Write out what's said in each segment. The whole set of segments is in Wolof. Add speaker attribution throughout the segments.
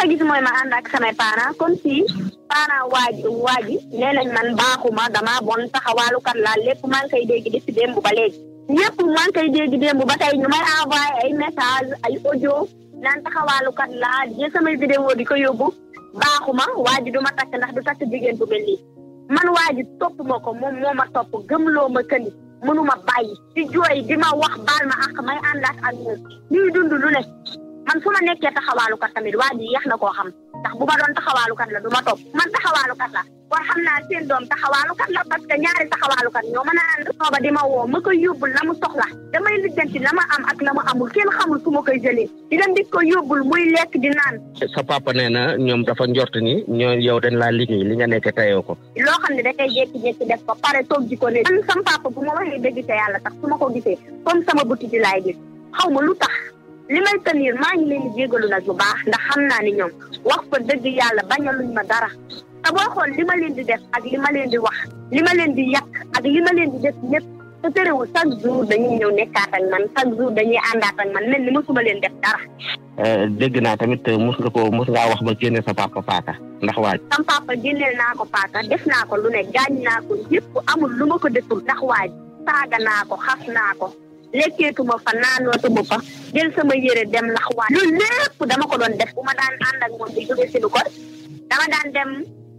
Speaker 1: ma gis mooy ma ànd ak samay parents comme si waa parents waaj waaji nee nañ man baaxuma dama bon taxawaalukat laa lépp maa ngi koy dégg di si démb ba léegi ñëpp maa ngi koy dégg démb ba tey ñu may envoyé ay message ay audio naan taxawaalukat laa jël samay vidéo di ko yóbbu baaxuma waaji du ma takk ndax du takk jigéen bu mel nii man waaji topp ma ko moom moo ma topp gëmloo ma këni mënuma bàyyi di jooy di ma wax baal ma ak may àndaat ak moom ñuy dund lu ne man su ma nekkee taxawaalukat tamit waa ji yéex na koo xam ndax bu ma doon taxawaalukat la du topp man taxawaalukat la war ñaari taxawaalukat
Speaker 2: ñoom dafa njort ni ñoo yow dañ laa liggéey li nga nekk tayoo ko
Speaker 1: loo xam ne da ngay jékki-jékki def ko pare toog ji ne man sam bu ma waxee dëgg te yàlla sax su ma ko gisee comme sama buti di laay xaw ma lu tax li may tenir maa ngi leen di jégalu nag bu baax ndax xam naa ni ñoom wax fa dëgg yàlla bañaluñ ma dara te xool li ma leen di def ak li ma li ma leen di yàq ak li ma leen di def lépp te man chaque jour dañuy àndaat ak man mel ni mosuma leen def dara.
Speaker 2: Eh, dégg naa tamit eh, mos nga ko mos ngaa wax ba génne sa papa paaka ndax waaj.
Speaker 1: sam papa génneel naa ko paaka def naa ko lu ne gaañ naa ko yëpp amul lu ma ko deful ndax waaj saaga naa ko xas naa ko lekkeetuma jël sama yére dem laxwaat lu lépp dama ko doon def bu ma daan ànd ak moom di jóge si lu ko dama daan dem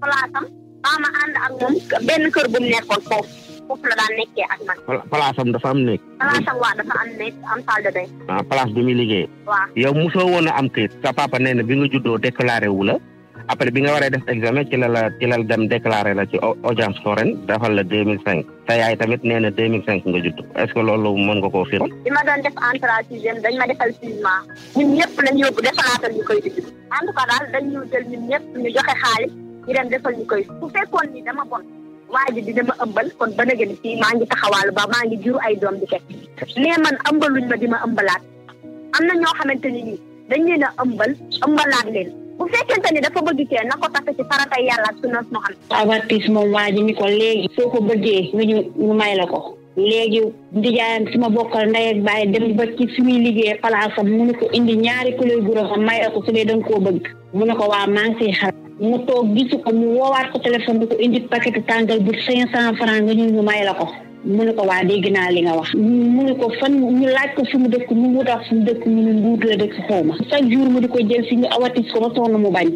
Speaker 1: palaasam baa ma ànd ak moom benn kër bu mu nekkoon foofu la daan nekkee ak man.
Speaker 2: palaasam dafa am nekk.
Speaker 1: palaasam waaw dafa am nekk de bain.
Speaker 2: ah bi muy liggéey. waaw yow mosoo woon a am këyit. sa papa nee na bi nga juddoo déclaré la. après bi nga waree def examen ci la la dem déclaré la ci audience foraine defal la deux mille cinq sa tamit nee na deux mille cinq nga judd est-ce que loolu mën nga koo firi.
Speaker 1: bi ma defal jugement koy di dama ëmbal kon ba nageen fii maa ngi taxawaalu ba maa ngi jur ay doom di teg mais man ëmbaluñ ma di ma ëmbalaat am na ñoo xamante ni nii dañ leen a ëmbal
Speaker 3: leen bu fekkente ni dafa bëgg cee na ko takk ci faratay yàlla ak sunna Muhammad. avertissement waa ji ni ko léegi. soo ko bëggee nga ñu ñu may la ko. léegi ndijaayam si ma bokkal ndey ak baay dem ba ci suñuy liggéey palaasam mu ne ko indi ñaari kiloy guro xam may ko su dee danga ko bëgg mu ne ko waa maa ngi siy xel mu toog gisu ko mu woowaat ko téléphone bi ko indi paquetu tàngal bu cinq cent franc nga ñu ñu may la ko mu ne ko waa dégg naa li nga wax mu ne ko fan ñu laaj ko fu mu dëkk mu wutaat fu mu dëkk mu ne mbuut la dëkk xaw ma chaque jour mu di ko jël si ñu awatis ko ba sonn mu bañ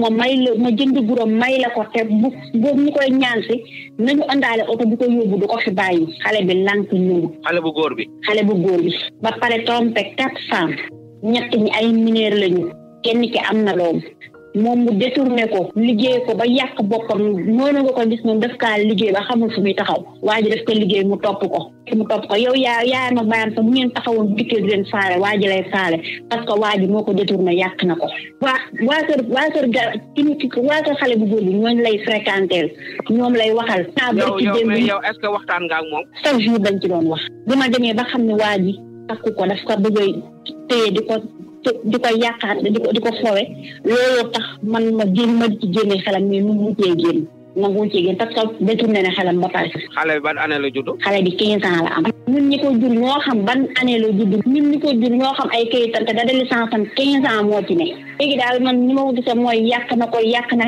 Speaker 3: ma may la ma jënd buróom may la ko te bu boobu ñu koy ñaan si nañu àndaale oto bi ko yóbbu du ko fi bàyyi xale bi lànk ñëw xale bu góor bi xale bu góor bi ba pare tombe quatre femmes ñett ñi ay mineur lañu kenn ki am na loom moom mu détourné ko liggéey ko ba yàq boppam noonu nga ko gis moom daf kaa liggéey ba xamul fu muy taxaw waa ji daf ko liggéey mu topp ko mu topp ko yow yaa yaay ma bàyyam sax bu ngeen taxawoon dikkee di leen faale waa ji lay faale parce que waa ji moo ko na ko waa waa kër waa kër ki waa kër bu góor bi ñooñu lay fréquenteel ñoom lay waxal
Speaker 2: saa bër ci démb yow est-ce que waxtaan nga
Speaker 3: jour dañ ci doon wax bi ma demee ba xam ne waa ji takku ko daf ko bëgg a di ko di ko yàqaat di ko di ko fowe looloo tax man ma génn ma di ci génne xelam mais mu mujjee génn nangu ci génn parce que détourné na xelam ba pare.
Speaker 2: xale bi ban année la judd.
Speaker 3: xale bi 15 ans la am. ñun ñi ko jur ñoo xam ban année la judd. ñun ñi ko jur ñoo xam ay kayitam te da de licence am 15 ans moo ci ne. léegi daal man ni ma ko gisee mooy yàq na ko yàq na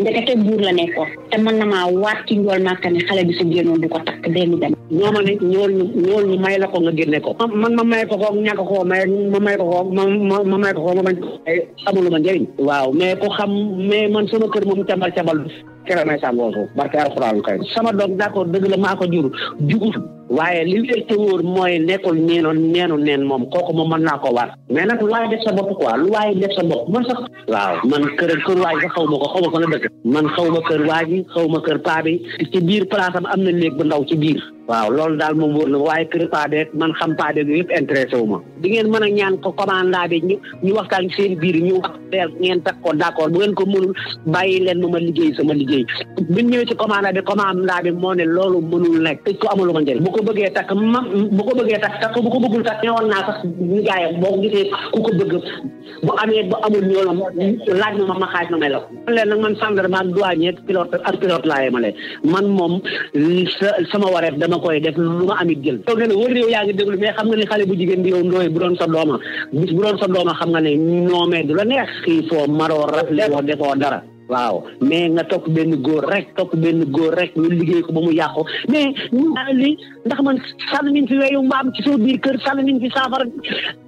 Speaker 3: ndekete buur la nekkoon te mën na maa waat ci njool
Speaker 4: màkka ne xale bi su génnoon du ko takk benn dem ñoo ma ne ñool ñu ñool ñu may la ko nga génne ko man ma may ko ko ñàkk ko may ma may ko ko ma ma may ko ko ma bañ eh, amul ma njëriñ waaw mais ko xam mais man sama kër moom cambal cambal kere may sàngoo suuf barke alxuraan kay sama doom d'accord dëgg la maa ko jur jugul waaye li wér te wóor mooy nekkul neenu neenu neen moom kooku ma mën naa ko war mais nag lu waaye def sa bopp quoi lu waaye def sa bopp man sax waaw man kër kër waay sax xaw ma ko xaw ma ko la dëkk man xaw ma kër waa ji ma kër paa bi ci biir place am am na néeg bu ndaw ci biir waaw loolu daal moom wóor na waaye kër paadeeg man xam paadeeg yëpp intéressé wu ma di ngeen mën a ñaan ko commanda bi ñu ñu waxtaan ci seen biir ñu wax deel ngeen teg ko d'accord bu ngeen ko mënul bàyyi leen ma ma liggéey sama liggéey bi ñëwee ci commanda bi commanda bi moo ne loolu mënul nekk tëj ko njëriñ bu ko bëggee takk ma bu ko bëggee takk takk bu ko bëggul takk naa sax ñu boo gisee ku ko bëgg bu amee bu amul ñoo la laaj ma ma xaaj may la ko nag man gendarme ak douanier pilote ak pilote laa yemale man moom sama dama nga koy def lu nga amit jël yow ne ne wóor yow yaa ngi mais xam nga ne xale bu jigéen bi yow ndooy bu doon sa dooma bis bu doon sa dooma xam nga ne noomee du la neex xiifoo maroo rafle woo defoo dara waaw mais nga topp benn góor rek topp benn góor rek liggéey ko ba mu yàqu mais ñu li ndax man sànni nañ fi weyu mbaam ci soo biir kër sànni fi saafara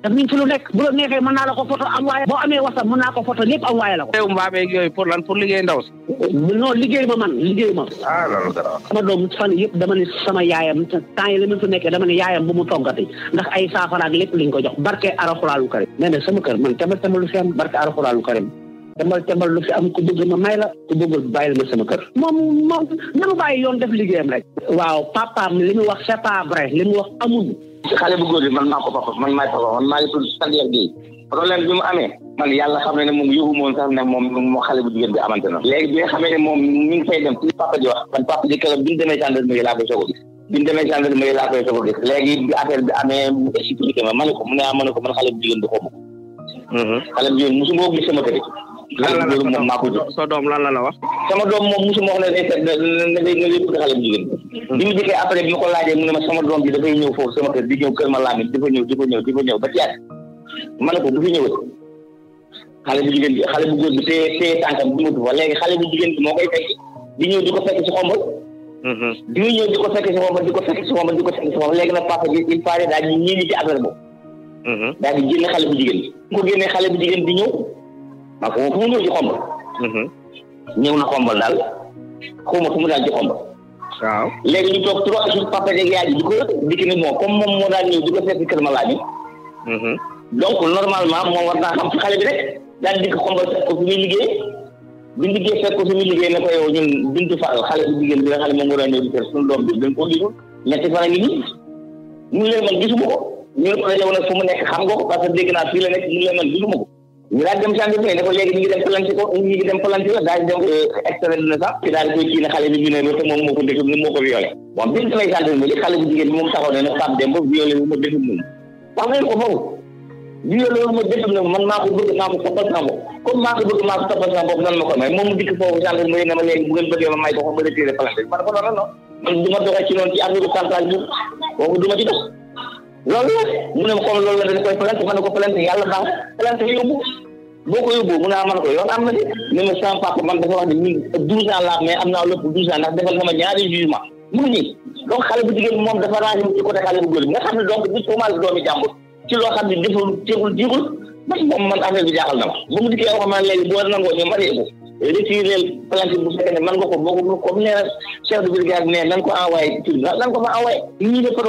Speaker 4: daf nañ fi lu nekk bu la neexee naa la ko photo am waaye boo amee wasa mën naa ko foto lépp am waaye la ko. weyu mbaam yeeg yooyu pour lan pour liggéey ndaw si. non liggéey ma man liggéey ma.
Speaker 2: ah loolu dara.
Speaker 4: sama doom fan yëpp dama ne sama yaayam temps yi la ma fi nekkee dama ne yaayam bu mu tongati ndax ay saafara ak lépp liñ ko jox barke araxuraalu karim nee na sama kër man tamit sama demal demal lu fi am ku bëgg ma may la ku bëggul bàyyi la ma sama kër moom moom na ma bàyyi yoon li mu wax c'est pas vrai li wax amul
Speaker 5: xale bu góor bi man maa ko papa man maay papa man maa ngi tudd Sandiaye Guèye problème bi mu amee man yàlla xam ne ne moom yóbbu moom sax ne moom moo xale bu jigéen bi amante na léegi bi nga xamee ne moom mi ngi fay dem ci papa ji wax man papa ji keroog bi mu demee gendarmerie laa ko mu ne ah, ma ne mm-hmm. sama kër lan la la moom maa ko jóg. sa doom lan la la wax. sama doom moom mosuma wax ne day seet ne day ne day bëgg xale bu jigéen. Hmm. bi mu jëkkee après bi ma ko laajee mu ne ma sama doom bi dafay ñëw foofu sama kër di ñëw kër ma laamin di fa ñëw di fa ñëw di fa ñëw ba ci yàgg ma ne ko bu fi ñëwee xale bu jigéen bi xale bu góor bi téye téye tànkam bu matu fa léegi xale bu jigéen bi moo koy fekk di ñëw di ko fekk si xombal. Hmm. di ñëw di ko fekk si xombal di ko fekk si xombal di ko fekk si xombal léegi nag papa bi il paraît daal di ñii ci affaire boobu. Hmm. daal di génne xale bu jigéen bi. ko génnee xale bu jigéen di ñëw parce que moom fu mu mhm. ñëw na xombal daal xaw ma fu mu daal ci xomb. waaw léegi ñu toog trois jours papa yeeg yaay ji di ko dikk ni moom comme moom moo daan ñëw di ko seet si kër Malaadi. Mhm. donc normalement moom war naa xam ci xale bi rek daal dikk xombal fekk ko fi muy liggéey bi liggéey ko fi muy liggéey ne ko yow ñun bintu faal xale bu jigéen bi nga xam ne moom moo daan ñëw di kër suñu doom bi dañ ko gisul ñetti fan a ngi nii ñu leen man gisuma ko ñu ne ko yow nag fu mu nekk xam nga ko parce que ñu daal dem sànq ne dafa léegi ñu ngi dem planté ko ñu ngi dem planté ko daal donc extrait na sax ci daal koy kii ne xale bi ñu ne loolu te moom moo ko deful moom moo ko violé bon biñ samay sant bi xale bu jigéen bi moom taxaw ne ne Pape Demba violé wu ma deful moom wax nañ ko foofu violé wu ma deful na man maa ko bëgg maa ko toppal sama bopp comme maa ko bëgg maa ko toppal sama bopp nan ma ko may moom mu dikk foofu sant bi ne ma léegi bu ngeen bëggee ma may ko ma retiré planté bi man ko noonu non man du ma doxee ci noonu ci affaire bu santage bi
Speaker 1: kooku du ma ci dox
Speaker 5: loolu mu ne comme loolu la dañ koy plainte mën na ko plainte yàlla baax plainte yóbbu boo ko yóbbu mun naa mën ko yoon am na de ne ma sama papa man dafa wax ne am naa lépp douze ans ndax defal na ma ñaari jugement mu ni donc xale bu jigéen moom dafa rangé ci côté xale bu góor bi nga xam ne donc bu tuumaal doomi jàmbur ci loo xam ne deful teewul jiwul man moom man affaire bi jaaxal na ma ba mu dikkee wax ma léegi boo nangoo ñu marié ko retiré plainte bu fekkee ne man nga ko boo ko comme nee na chef de brigade ne nan ko nan ko fa envoyé ñii a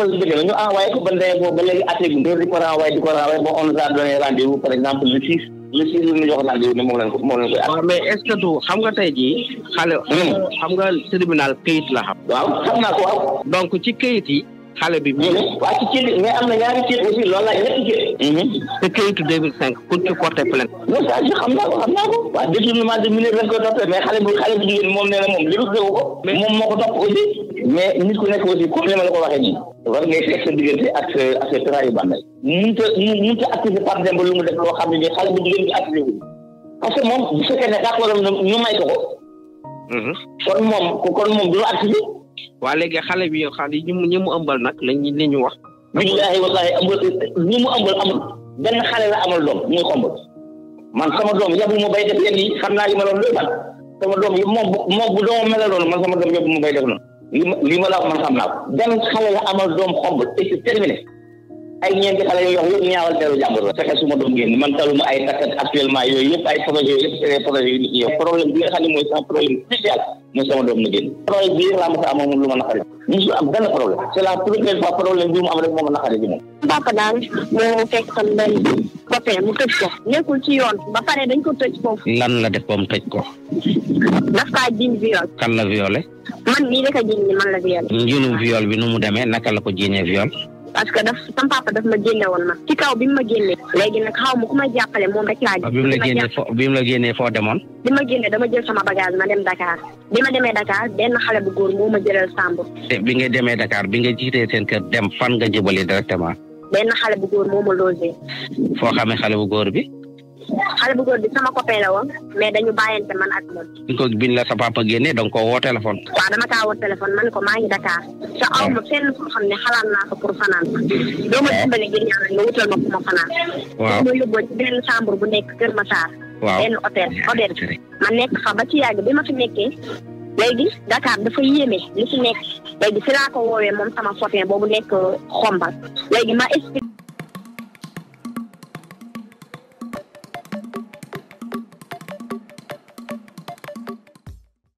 Speaker 5: donné par exemple le six le six lu ñu moom lañ ko
Speaker 2: moom lañ koy mais est-ce xam nga tey jii xale hmm. xam nga tribunal këyit la xam waaw xam naa ko waaw donc ci këyit yi xale bi. waa ci ci mais am na
Speaker 5: ñaari ci aussi loolu la ñetti ci.
Speaker 2: Mhm. te kayitu 2005 kuñ ci porté plainte. non ça naa ko xam naa ko
Speaker 5: waa détournement de mineur lañ ko toppee mais xale bu xale bu jigéen moom nee na moom li déggu ko. moom moo ko topp aussi. mais nit ku nekk aussi comme ni la ko waxee nii. war ngay fekk sa diggante ak sa ak sa trahi bàmmeel. mënut a mënut a activé mu def loo xam ne nii xale bu jigéen bi activé wu. parce que moom bu fekkee ne d'accord ñu may ko ko.
Speaker 2: Mhm. kon moom kon moom du activé. waa léegi xale bi yow xam ne ñi mu ëmbal nag lañu li ñu wax. billaahi wallaahi amul ñi mu ëmbal amul benn xale la amal doom muy xombal man sama doom yabul ma bay def
Speaker 5: yenn xam naa li ma doon loolu daal sama doom yi moom moom bu doomam noonu man sama doom yabul ma bay def noonu li ma li ma la wax man xam naa ko benn xale la amal doom xombal et c'est terminé. ay ñeenti xale yooyu wax yëpp ñaawal teeru jàmbur la fexe suma doom ngeen man taluma ay takkat actuellement yooyu yëpp ay problème bi nga xam ne mooy sans problème social mooy sama doom na génn problème bi ko amoon moom lu ma naqari musul am benn problème c'est la première bi mu am rek moo ma naqari
Speaker 1: tëj ko nekkul ci yoon ba pare dañ ko tëj foofu
Speaker 2: lan la def ba mu tëj ko
Speaker 1: daf kaa jiñ
Speaker 2: kan la violé
Speaker 1: man mii la ko jiñ man la violé
Speaker 2: njiinu viol bi nu mu demee naka la ko jiñee viol
Speaker 1: parce que daf sama papa daf ma génne woon ma ci kaw bi ma génnee léegi nag xaw ma jàppale moom rek laa bi mu la génnee
Speaker 2: foo bi mu la demoon.
Speaker 1: bi ma génnee dama jël sama bagage ma dem Dakar bi ma demee Dakar benn xale bu góor moo jëlal Samb.
Speaker 2: bi nga demee Dakar bi nga jiitee seen kër dem fan nga jëbali directement.
Speaker 1: benn xale bu góor moo ma logé.
Speaker 2: foo xale bu góor bi.
Speaker 1: xale bu góor bi sama copain la woon mais dañu bàyyante man ak moom.
Speaker 2: bi ko biñ la sa papa génnee da nga koo woo téléphone.
Speaker 1: waaw dama kaa woo téléphone man ko maa ngi Dakar. te aw ma fenn foo xam ne xalaat naa ko pour fanaan. doo ma dimbale bu nekk Kër Massar. waaw benn hôtel hôtel. ma nekk fa ba ci yàgg bi ma fi nekkee. léegi Dakar dafa yéeme li ci ko woowee moom sama copain boobu nekk xombal léegi ma expliqué.